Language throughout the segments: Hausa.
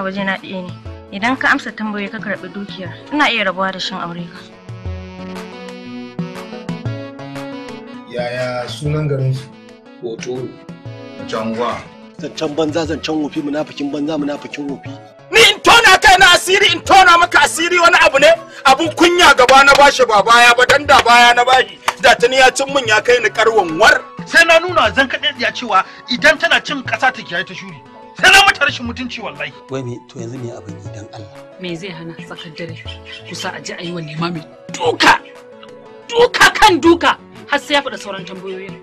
a waje na ɗaya ne idan ka amsa tambayoyi ka karɓi dukiyar ina iya rabuwa da shin aure ka yaya sunan garin su hoto jangwa zancen banza zancen wofi munafikin banza munafikin wofi ni in tona kai na asiri in tona maka asiri wani abu ne abun kunya gaba na bashi ba baya ba dan da baya na bashi da tuni ya cin mun ya kai ni karwan war sai na nuna zan kaɗe cewa idan tana cin ƙasa ta kiyaye ta shuri sai ma mata rashin mutunci wallahi wai me to yanzu me abin idan Allah me zai hana tsakar dare kusa a ji ayi wa limami duka duka kan duka har sai ya faɗa sauran tambayoyin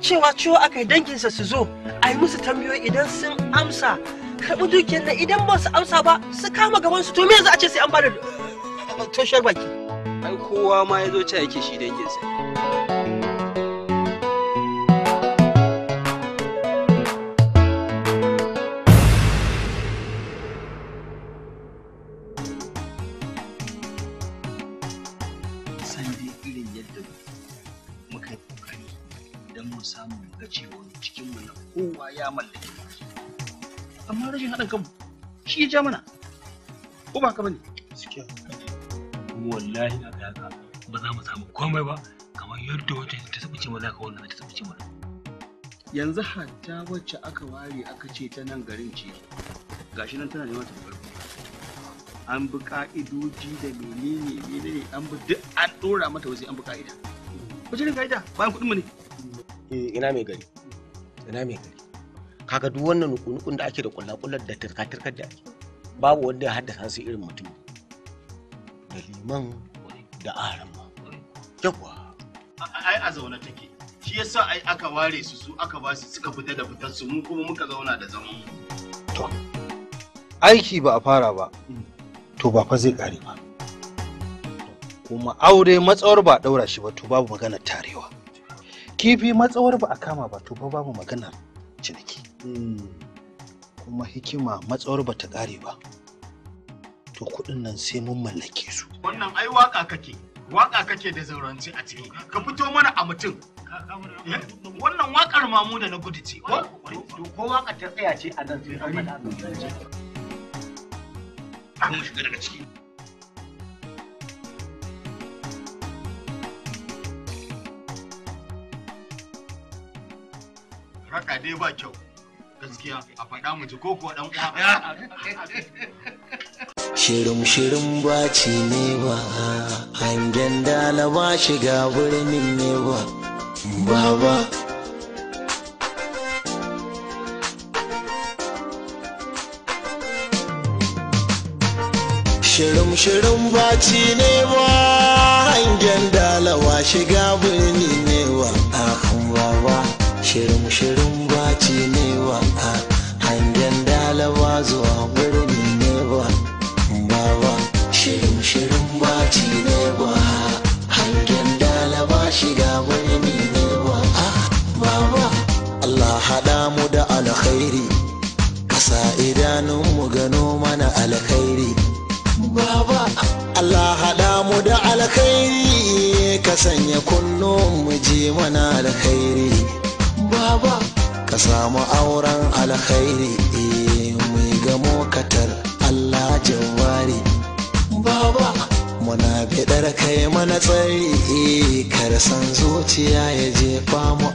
cewa ciwo aka danginsa su zo a yi musu tambayoyi idan sun amsa karɓi dukiyar nan idan ba su amsa ba su kama gaban su to me yanzu a ce sai an bada eh, eh, eh, toshar baki ai kowa ma ya zo ce yake shi danginsa ya mallake amma rashin haɗin kanmu shi ya ja mana ko ba ka bane wallahi na ga haka ba za mu samu komai ba kamar yadda ta mana ka wannan ta mana yanzu hatta wacce aka ware aka ce ta nan garin ce gashi nan tana neman ta an bi ka'idoji da menene menene an bi duk an dora mata wasu an bi ka'ida wace irin ka'ida bayan kuɗin mu ne eh, ina mai gari ina mai gari kaga duk wannan nukunukun da ake da kullakullar da turka-turkar da ake babu wanda ya haddasa su irin mutum da liman da arama yawa ai a zaune take shi yasa ai aka ware su su aka ba su suka fita da fitar su mu kuma muka zauna da zaman mu to aiki ba a fara ba to ba fa zai kare ba kuma aure matsawar ba daura shi ba to babu magana tarewa kifi matsawar ba a kama ba to ba babu maganar ciniki kuma hikima matsawar bata ƙare ba to kuɗin nan sai mun mallake su wannan ai waka kake waka kake da zauranci a ciki ka fito mana a mutum eh? wannan wakar mamu da na gudu ce ko waka ta tsaya ce a nan sai an faɗa shiga daga ciki raka dai ba kyau gaskiya a faɗa baci ne ba hangen dalaba shiga birnin ne ba baba shirin shirin ne ba hangen shiga birni ne ba, baba shirin shirin samu auren alkhairi eh, mai gamo katar Allah jawari baba muna bidar kai mana tsari eh, kar san zuciya ya jefa mu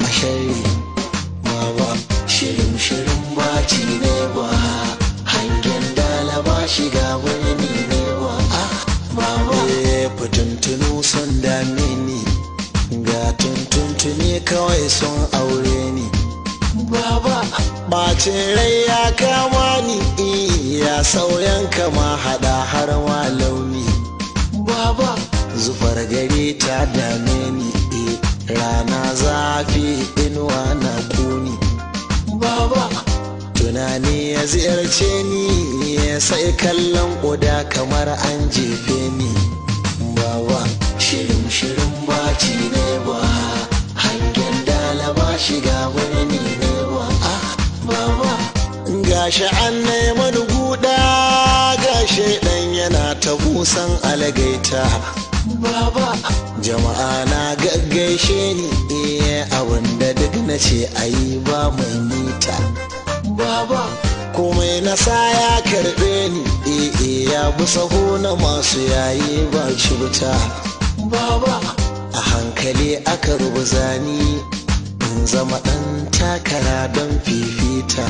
bacin ya kama ni ya sauyan kama hada har ma launi baba zubar gari ta dame ni eh, rana zafi inuwa na kuni baba tunani ya ziyarce ni ya eh, sai kallon ƙuda kamar an je gashi an nema guda gashi dan yana ta busan algaita baba jama'a na gaggaishe ni iya eh, abinda duk na ce ayi ba mai nita baba komai na sa ya karbe ni iya eh, eh, ya busa saho na masu yayi ba shi baba a hankali aka rubuza ni in zama ɗan takara don fifita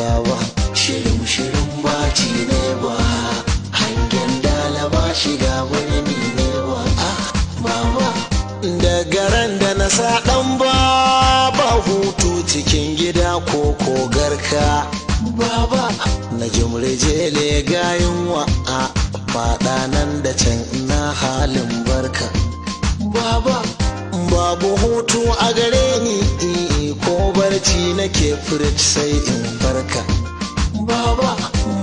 gawa shirin shirin baci ne ba hangen dalaba shiga wani ne ba ah, mama daga ran da na sa dan ba ba hutu cikin gida ko kogarka baba na jumrejele gayin wa a ah, faɗa nan da can ina halin barka baba babu hutu a gare ni eh, ko barci nake furci sai in farka baba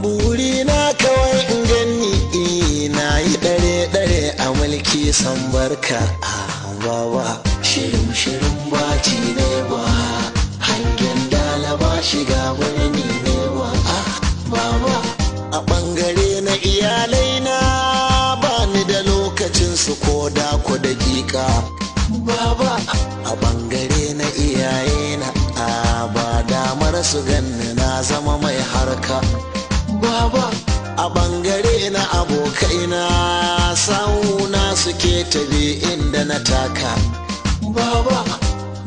buri na kawai in gani eh, na yi dare dare a mulki san barka ah, baba shirin shirin baci ne ba hangen ba shiga wani ne ba ah, baba a bangare na iyalai na ba ni da lokacin su ko da ku jika baba a bangare na iyaye na a ba damar su ganni na zama mai harka baba a bangare na abokaina sauna suke tabi inda na taka baba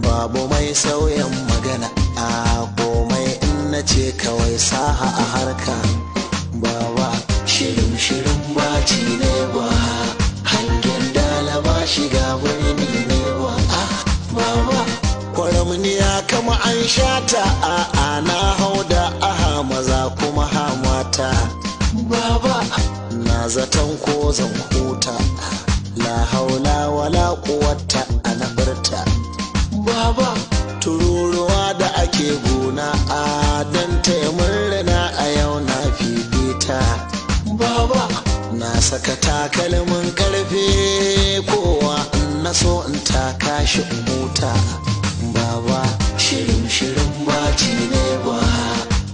babu mai sauyan magana a komai in na ce kawai saha a harka baba shirin shirin baci ne ba hangen dala ba shiga shata a na hau da aha maza kuma hamata baba na zaton ko zan huta la haula wala quwwata ana barta baba tururuwa da ake gona a dan taimurna a yau na fifita baba na saka takalmin karfe kowa na so in taka shi huta shirin shirin baci ne ba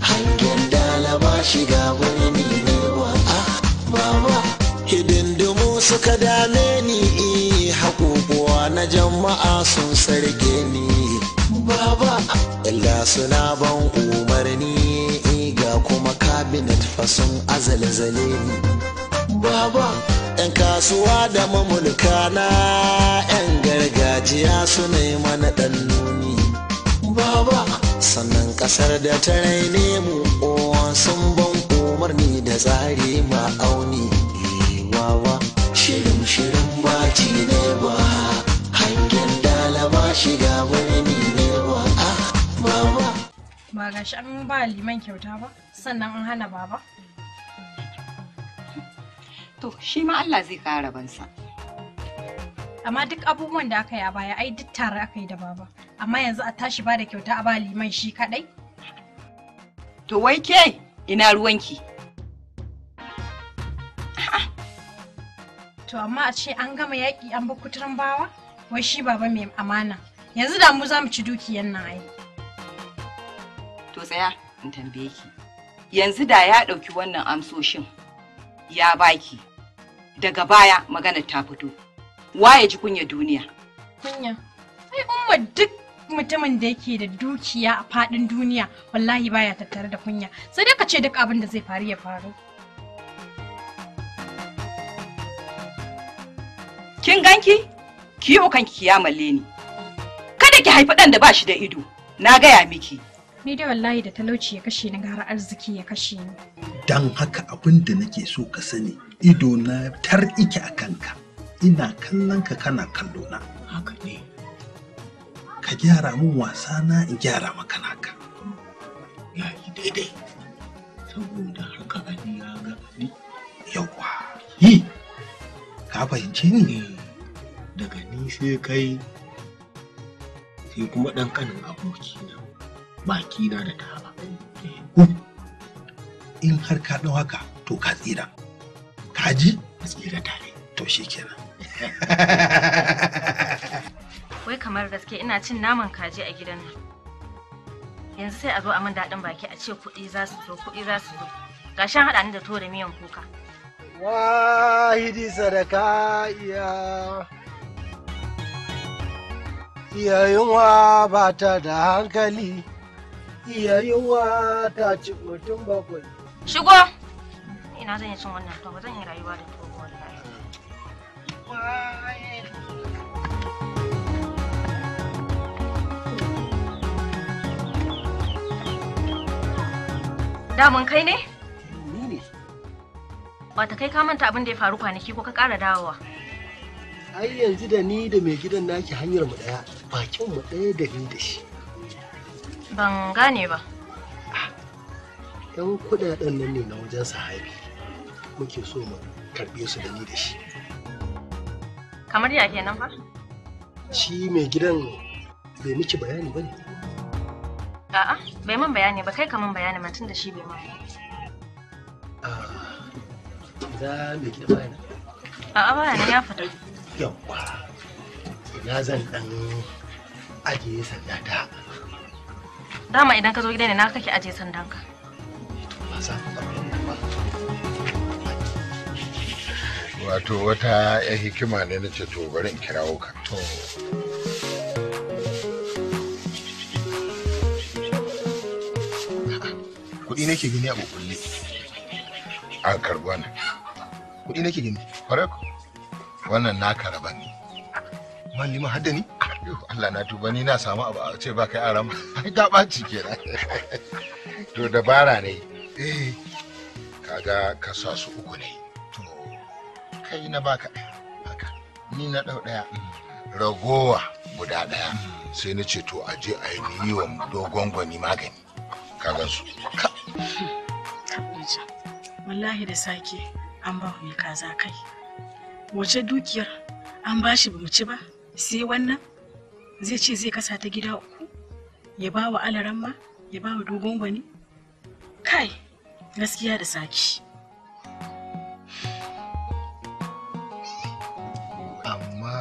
hangen dalaba shiga wani ne ba ah, hidindimu suka dame ni hakukuwa na jama'a sun sarge ni baba illa suna ban umarni ga kuma kabinet fasun azalzale ni baba 'yan kasuwa da mamulka na 'yan gargajiya su ne mana ɗan nuni baba sannan kasar da ta raine mu sun ban umarni da tsari ma'auni wawa eh, shirin shirin baci ne ba hangen dalaba shiga birni ne ba ah, baba ba ga shi an ba liman kyauta ba sannan an hana baba to shi ma Allah zai kara bansa. amma duk abubuwan da aka yi a baya ai duk tare aka yi da baba amma yanzu a tashi ba da kyauta a ba liman shi kadai to wai ke ina ruwanki to amma a ce an gama yaƙi an bi kuturin bawa wai shi baba mai amana yanzu da mu za mu ci dukiyan nan ai to tsaya in tambaye ki yanzu da ya ɗauki wannan amsoshin ya baki daga baya magana ta fito waye ji kunya duniya kunya ai umma duk mutumin da yake da dukiya a fadin duniya wallahi baya tattare da kunya sai dai ka ce duk abin da zai faru ya faru kin ganki ki yi kanki ki ni kada ki haifi dan da ba shi da ido na gaya miki ni dai wallahi da talauci ya kashe ni gara arziki ya kashe ni dan haka abin da nake so ka sani ido na tar'ike a kanka ina kallon ka kana kallo na haka ne ka gyara min wasa na in gyara maka naka ya yi daidai saboda haka ani ya ga ani yawa yi ka fahimce ni eh, daga ni sai kai sai kuma ɗan ƙanin abokina bakina da ta in har ka ɗau haka to ka tsira ka ji tsira tare to shi kenan Wai kamar gaske ina cin naman kaji a gidan nan. Yanzu sai a zo a min daɗin baki a ce kuɗi za su zo, kuɗi za su zo. Gashin haɗa ni da to da miyan kuka. Wahidi sadaka iya. Iya yunwa ba ta da hankali. Iya yunwa ta ci mutum bakwai. Shigo! Ina zan yi cin wannan to ba zan yi rayuwa da Damun kai ne? Ni ne. Ba ta kai ka manta abin da ya faru kwanaki ko ka ƙara dawowa. Ai yanzu da ni da mai gidan naki hanyar mu ɗaya, bakin mu ɗaya da ni da shi. Ban gane ba. Yan kuɗaɗen nan ne na wajen sahabi. Muke so mu karɓe su da ni da shi. Kamar ya kenan fa? Shi mai gidan bai miki bayani ba ne? A'a. bai mun bayani ba kai ka mun bayani tun da shi bai mun za ah, me ki da a a'a bayani ya fita yawwa na zan dan ajiye sanda ta dama idan ka zo gida ne na kake ajiye sandan ka. wato wata ya hikima ne na ce to bari in kirawo ka kuɗi nake gani a kukulle a karbuwa ne kuɗi nake gani farak wannan na karaba ne man nima hadda ni Allah na tuba ni na samu abu a ce ba kai aram ai ta ɓaci kenan to dabara ne eh kaga ka sa su uku ne to kai na baka haka ni na dau ɗaya ragowa guda ɗaya sai na ce to aje a yi wa dogon gwani magani ka gan su wallahi da sake an ba mai kaza kai. Wace dukiyar an ba shi ci ba, sai wannan zai ce zai kasa ta gida uku, ya ba wa alaramma, ya ba wa dogon gwani. Kai, gaskiya da sake.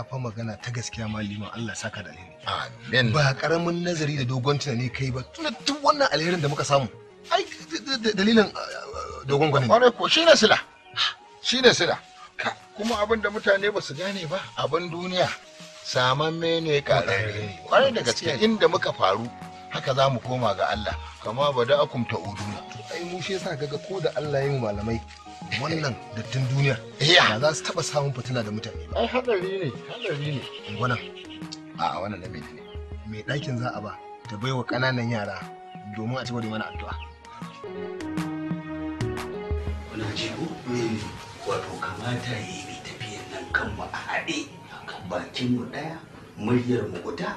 fa magana ta gaskiya malima Allah saka da alheri. Ba karamin nazari da dogon tunani kai ba tun wannan alherin da muka samu. dalilin ah, dogon gwanin kwarai ko shine sila shine sila kuma abin da mutane ba su gane ba abin duniya saman samamme ne karare kwarai da gaske inda muka faru haka za mu koma ga Allah kama ba da akum ta uduna ai mu shi yasa ga ko da Allah ya yi malamai wannan dattin duniya ba za su taba samun fitina da mutane ai hadari ne hadari ne wannan a wannan da mai ne mai ɗakin za a ba ta baiwa ƙananan yara domin a ci da mana addu'a Kuna ji ko? Mm. Wato kamata ya yi tafiyan nan kanmu a haɗe, mu ɗaya, muryar mu guda.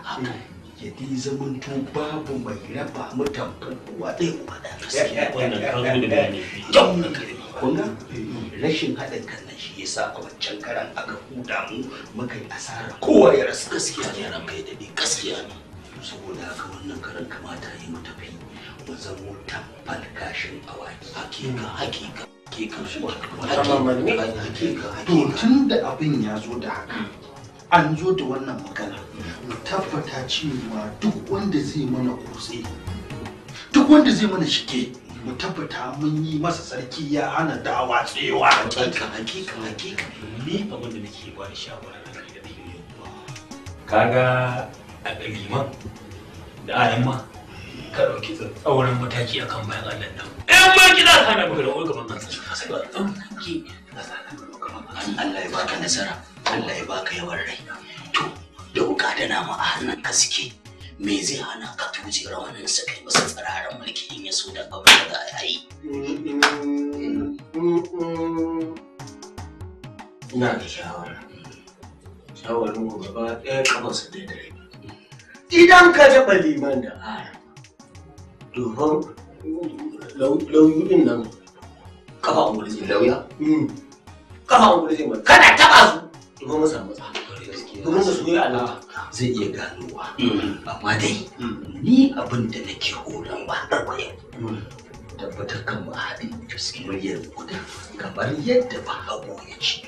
ya dai zaman to babu mai raba mu tamkar uwa ɗaya uba ɗaya. Wannan kan da ne. Kyau na karfi. rashin haɗin kan nan shi yasa a wancan karan aka huda mu muka yi asara kowa ya rasa gaskiya ne kai da ni gaskiya ne. saboda haka wannan karan kamata yi mu tafi mu zamo tabbal kashin awaki hakika hakika to tun da abin ya zo da haka an zo da wannan magana mu tabbata cewa duk wanda zai mana kutse duk wanda zai mana shige mu tabbata mun yi masa sarki ya hana dawa tsewa hakika hakika hakika ni abin da nake ba da shawara kaga da liman da alamma ka ɗauki tsauran mataki bayan nan. ‘Yan ma kina sana maka da oga mangan sa shuka sai ba ɗan ki na Allah ya baka nasara, Allah ya baka yawan rai. To, da wuka da nama a hannun ka suke me zai hana ka tuje rawanin sa kai masa tsararren mulki in ya so da aure da za a yi. Ina da shawara. Shawarin gaba ɗaya kafa su daidai. idan ka taɓa liman da aya domin lauyoyin nan kafa ungulu lauya kafa hmm. ungulu ce mai kada taɓa su domin masa samu domin su ne alawa zai iya ganowa hmm. amma dai hmm. ni abin da nake horon ba a kwaye tabbatar kan ta suke muryar guda kamar yadda ba hago ya ci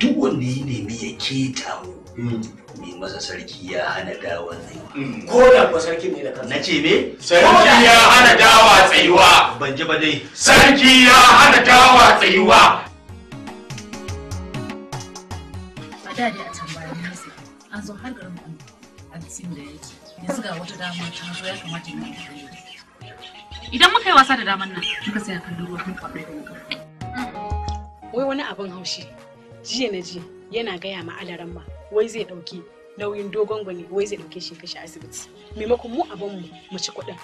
duk wanda ya nemi ya keta mu Mm. ni masa sarki ya hana dawa mm. ko da ba sarki ne da kansa nace me sarki ya hana dawa tsayuwa ban ji ba dai sarki ya hana dawa tsayuwa a da dai a tambaya ne sai an zo har garin mu a cikin da yake yanzu ga wata dama ta zo ya kamata mu yi idan muka yi wasa da daman nan muka sai kan duba kan kwaɗo wai wani abin haushi jiya na ji yana gaya ma alaran ma wai zai ɗauki nauyin dogon gwani wai zai ɗauke shi kashi asibiti maimakon mu abin mu mu ci kuɗin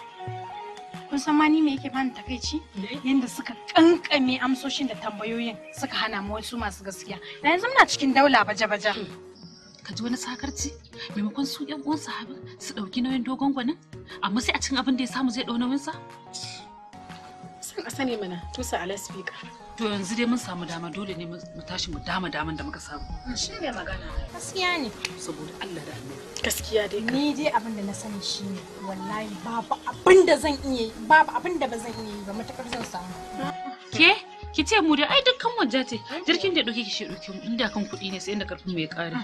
kun san ma ni me yake bani takaici yanda suka kankame amsoshin da tambayoyin suka hana mu wasu masu gaskiya da yanzu muna cikin daula baje baje hmm. ka ji wani sakarci maimakon su yan uwan sahabi su ɗauki nauyin dogon gwanin amma sai a cikin abin da ya samu zai ɗau nauyin sa a sani mana tusa a laspika. To yanzu dai mun samu dama dole ne mu tashi mu dama daman da muka samu. Shi ne magana. Gaskiya ne. Saboda Allah da Annabi. Gaskiya dai. Ni dai abin da na sani shi ne wallahi babu abin da zan iya yi babu abin da ba zan iya yi ba matakar zan samu. Ke? Ki ce mu dai ai dukkan wajja ce jirgin da ɗauke ki shi ɗauke mu inda kan kuɗi ne sai inda karfin ya ƙare.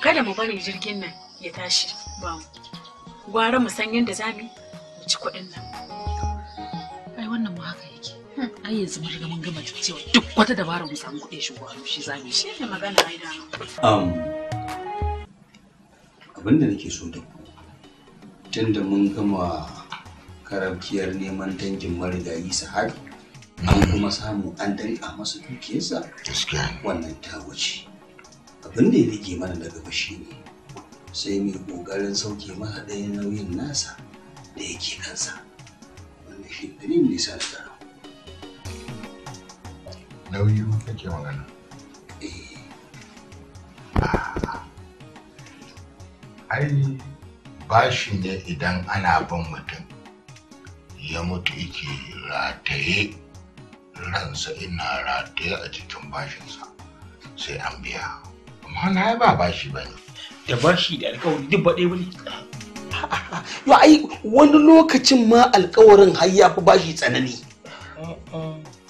Kada mu bari jirgin nan ya tashi ba mu. Gwara mu san yadda za mu ci kuɗin nan. wannan ma haka yake ai yanzu mun riga mun gama cewa duk wata dabara mu samu kuɗi shigo hannu shi zamu shi ne magana ai um, da um abinda nake so da ku tunda mun gama karabkiyar neman dangin marigayi sahabi an kuma samu an danka masa dukiyarsa wannan ta wuce abin da ya rage mana daga bashi ne sai mai kokarin sauke masa ɗaya nauyin nasa da yake kansa shi dalilin da ya sa na tsara nauyi kake magana eh. ai bashi ne idan ana ban mutum ya mutu yake rataye ransa ina rataye a cikin bashinsa sai an biya amma na ba bashi ba ne da bashi da alkawari duk ɗaya yo ai wani lokacin ma alkawarin har ya fi bashi tsanani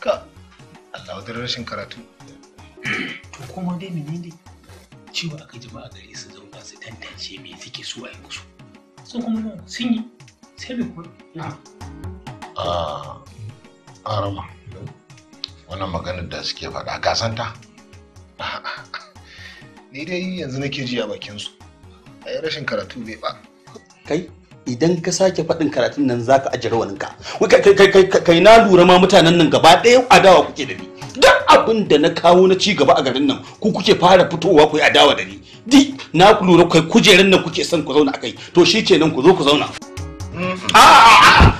ka Allah wadar rashin karatu to kuma dai ne cewa aka jama'a gari su zauna su tantance me suke so a yi musu sun kuma mun sun yi sai bai kuma ah, ah, a arama wannan maganar da suke faɗa gasanta ni dai yanzu nake ji a bakin su a rashin karatu bai ba kai idan ka sake faɗin karatun nan za ka ajiye rawaninka kai na lura ma mutanen nan gaba ɗaya adawa kuke da ni duk abin da na kawo na ci gaba a garin nan ku kuke fara fitowa ku yi adawa da ni di na lura kai kujeran nan kuke son ku zauna a kai to shi ke nan ku zo ku zauna ah,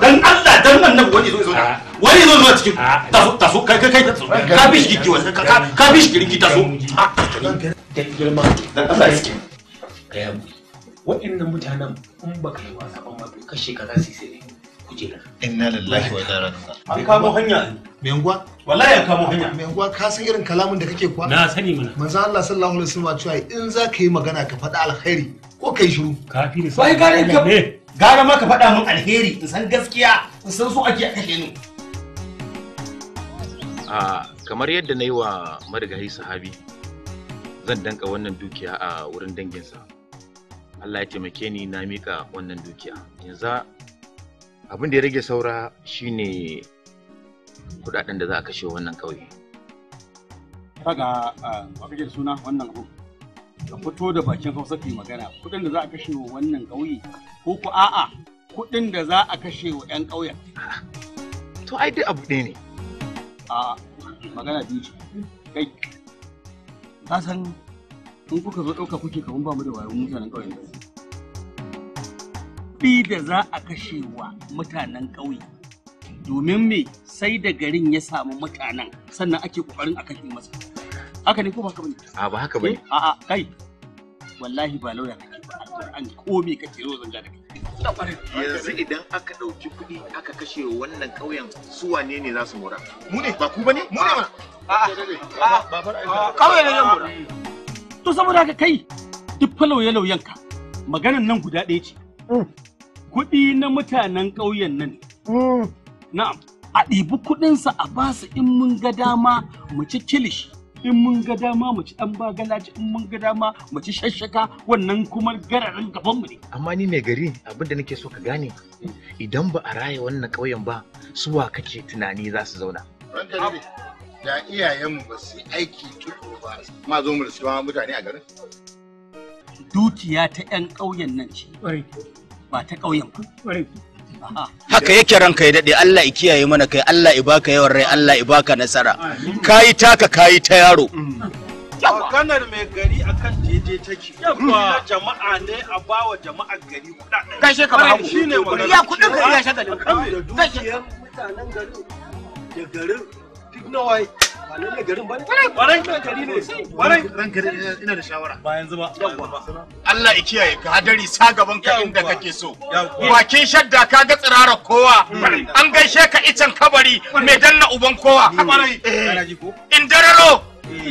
dan Allah dan nan nan wani zo zo ah. wani zo ah. zo cikin taso taso kai kai kai ka bi shi giwa ka bi shi girinki taso dan Allah ya sike waɗannan mutanen in ba ka yi wasa ban ma kashe ka za su yi sai kujera. inna lillahi wa inna ilaihi an kamo hanya mai unguwa wallahi an kamo hanya mai unguwa ka san irin kalamin da kake kuwa na sani mana manzo Allah sallallahu alaihi wasallam cewa in za ka yi magana ka faɗa alkhairi ko kai shiru kafi ne sai gare ka gara ma ka faɗa min alheri in san gaskiya in san so ake kashe ni a kamar yadda na yi wa marigayi sahabi zan danka wannan dukiya a wurin danginsa Allah ya taimake ni na mika wannan dukiya yanzu abin da ya rage saura shine kudaden da za a kashe wannan kauye kaga ba ah, kake suna wannan abu ka fito da bakin hausa kai magana kudin da za a kashe wa wannan kauye ko ku a'a kudin da za a kashe wa yan kauyen to ai dai abu ɗaya ne a magana biyu ce kai ka san in kuka zo ɗauka kuke kamar ba mu da wayo mutanen kauyen kuɗi da za a kashe wa mutanen ƙauye domin me sai da garin ya samu mutanen sannan ake ƙoƙarin a kashe masa haka ne ko ba haka bane a ba haka bane eh, a a kai wallahi ba lauya kake ba alƙur'ani ko me kake zo zanga da kai yanzu idan aka ɗauki kuɗi aka kashe wannan ƙauyen su wane ne za su mora mu ne ba ku bane mu ne ma a a ƙauye ne zan mora to saboda haka kai duk lauyan ka maganan nan guda ɗaya ce kuɗi na mutanen ƙauyen nan. Hmm. Na'am, a ɗibi kuɗinsa a basu in mun ga dama mu ci kilishi. in mun ga dama mu ci ɗan bagalaci, in mun ga dama mu ci shashshaka wannan kuma gararin gaban mu ne amma ni mai gari abin da nake so ka gane idan ba a raye wannan ƙauyen ba suwa kake tunani za su zauna da iyayenmu ba su aiki tukuru ba ma zo mu da mutane a garin dukiya ta 'yan ƙauyen nan ce ba ta ƙauyen ku haka yake ranka ya daɗe Allah ya kiyaye mana kai Allah ya baka yawan rai Allah ya baka nasara kayi taka kayi ta yaro mm. maganar mai gari akan jeje take Yabba. jama'a ne a ba wa jama'a gari kuɗaɗen gashe ka ba Shi ne wani. ya kuɗin gari ya shagalin kan da dukiyar mutanen garin da garin duk nawaye Warai gari ne. Warai ranka ina da shawara. Ba yanzu ba. Allah ya kiyaye ka hadari sa gaban ka inda kake so. Bakin shadda ka ga tsirarar kowa. An gaishe ka icen kabari mai danna uban kowa. In dararo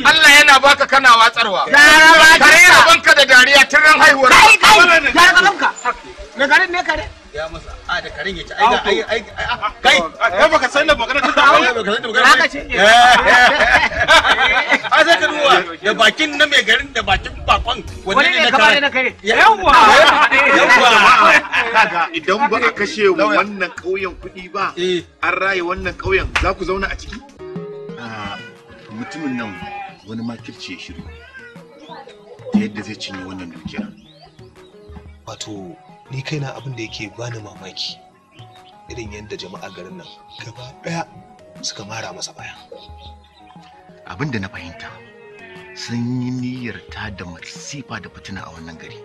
Allah yana baka kana watsarwa. Kare rabanka da dariya tun ran haihuwar. Kai kai. Ya rabanka. Me garin ne kare? ya masa a da karen yace ai ai ai ah, kai kai baka san da magana ta da baka san da magana haka ce a sai ka duba da bakin na mai garin da bakin bakon wanne ne na kare yawa yawa kaga idan ba a kashe wannan kauyen kuɗi ba eh. an raye wannan kauyen za ku zauna a ciki ah, mutumin nan wani makirci ya shiru ta yadda zai cinye wannan dukiya wato ni kaina abin da yake bani mamaki irin yadda jama'a garin nan gaba daya suka mara masa baya abin da na fahimta sun yi niyyar ta da masifa da fitina a wannan gari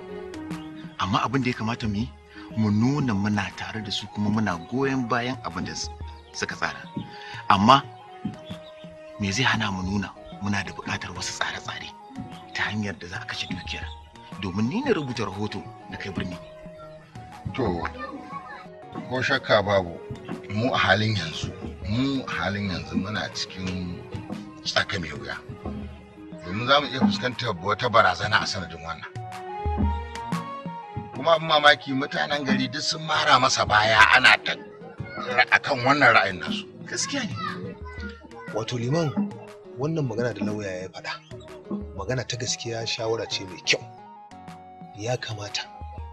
amma abin da ya kamata mu yi mu nuna muna tare da su kuma muna goyon bayan abin da suka tsara amma me zai hana mu nuna muna da buƙatar wasu tsare-tsare ta hanyar da za a kashe dukiyar domin ni na rubuta rahoto na kai birni to ko shakka babu mu a halin yanzu mu a halin yanzu muna cikin tsaka mai wuya domin za mu iya fuskantar wata barazana a sanadin wannan kuma abin mamaki mutanen gari duk sun mara masa baya ana ta akan wannan ra'ayin nasu gaskiya ne wato liman wannan magana da lauya ya faɗa magana ta gaskiya shawara ce mai kyau ya kamata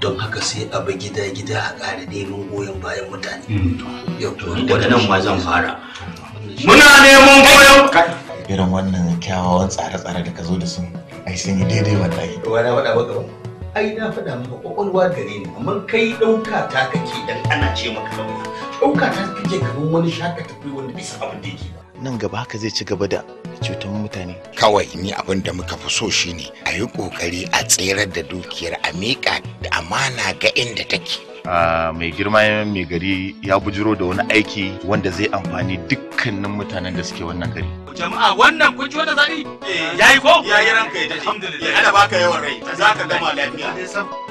don haka sai a bi gida-gida a ƙara neman goyon bayan mutane. Daga hmm. hmm. nan ma zan fara. Muna neman goyon Irin wannan kyawawan tsare-tsare da ka zo da su, ai sun yi daidai wallahi. Wala wala wala ba. Ai na faɗa maka ƙwaƙwalwa gare ni, amma kai ɗauka ta kake dan ana ce maka lauya. Ɗauka ta kake kamar wani shaka tafi wanda bisa abin da yake. nan gaba haka zai ci gaba da cutar mutane kawai ni abin da muka fi so shi ne. a yi kokari a tserar da dukiyar a miƙa da amana ga inda take mai girma mai gari ya bujiro da wani aiki wanda zai amfani dukkanin mutanen da suke wannan gari. Jama'a wannan kun wanda zaɓi? Eh, ya yi ko? Ya yi ranka ya alhamdulillah. Ya baka yawan rai. Za ka gama lafiya.